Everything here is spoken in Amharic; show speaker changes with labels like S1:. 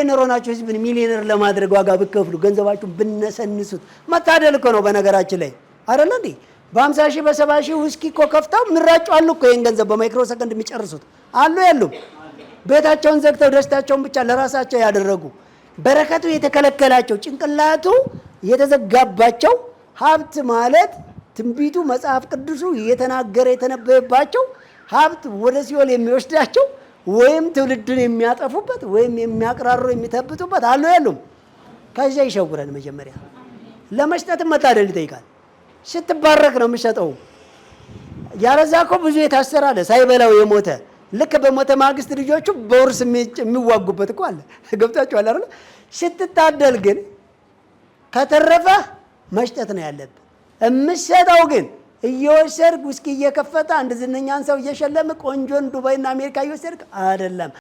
S1: ሚሊዮነር ሆናችሁ ህዝብን ሚሊዮነር ለማድረግ ዋጋ ብከፍሉ ገንዘባችሁን ብነሰንሱት መታደል እኮ ነው። በነገራችን ላይ አረለ እንዴ? በ50 ሺህ በ70 ሺህ ውስኪ እኮ ከፍተው ምራጩ አሉ እኮ ይህን ገንዘብ በማይክሮ ሰከንድ የሚጨርሱት አሉ ያሉም ቤታቸውን ዘግተው ደስታቸውን ብቻ ለራሳቸው ያደረጉ በረከቱ የተከለከላቸው ጭንቅላቱ የተዘጋባቸው ሀብት ማለት ትንቢቱ መጽሐፍ ቅዱሱ እየተናገረ የተነበየባቸው ሀብት ወደ ሲኦል የሚወስዳቸው ወይም ትውልድን የሚያጠፉበት ወይም የሚያቅራሩ የሚተብጡበት አሉ ያሉም። ከዚያ ይሸውረን። መጀመሪያ ለመስጠት መታደል ይጠይቃል። ስትባረክ ነው የምሸጠው። ያለዛ እኮ ብዙ የታሰረ አለ ሳይበላው የሞተ ልክ በሞተ ማግስት ልጆቹ በውርስ የሚዋጉበት እኮ አለ። ገብቷችኋል አይደል? ስትታደል ግን ከተረፈ መስጠት ነው ያለብህ። የምሸጠው ግን እየወሰድክ ውስኪ እየከፈተ አንድ ዝነኛን ሰው እየሸለም ቆንጆን ዱባይና አሜሪካ እየወሰድክ አይደለም።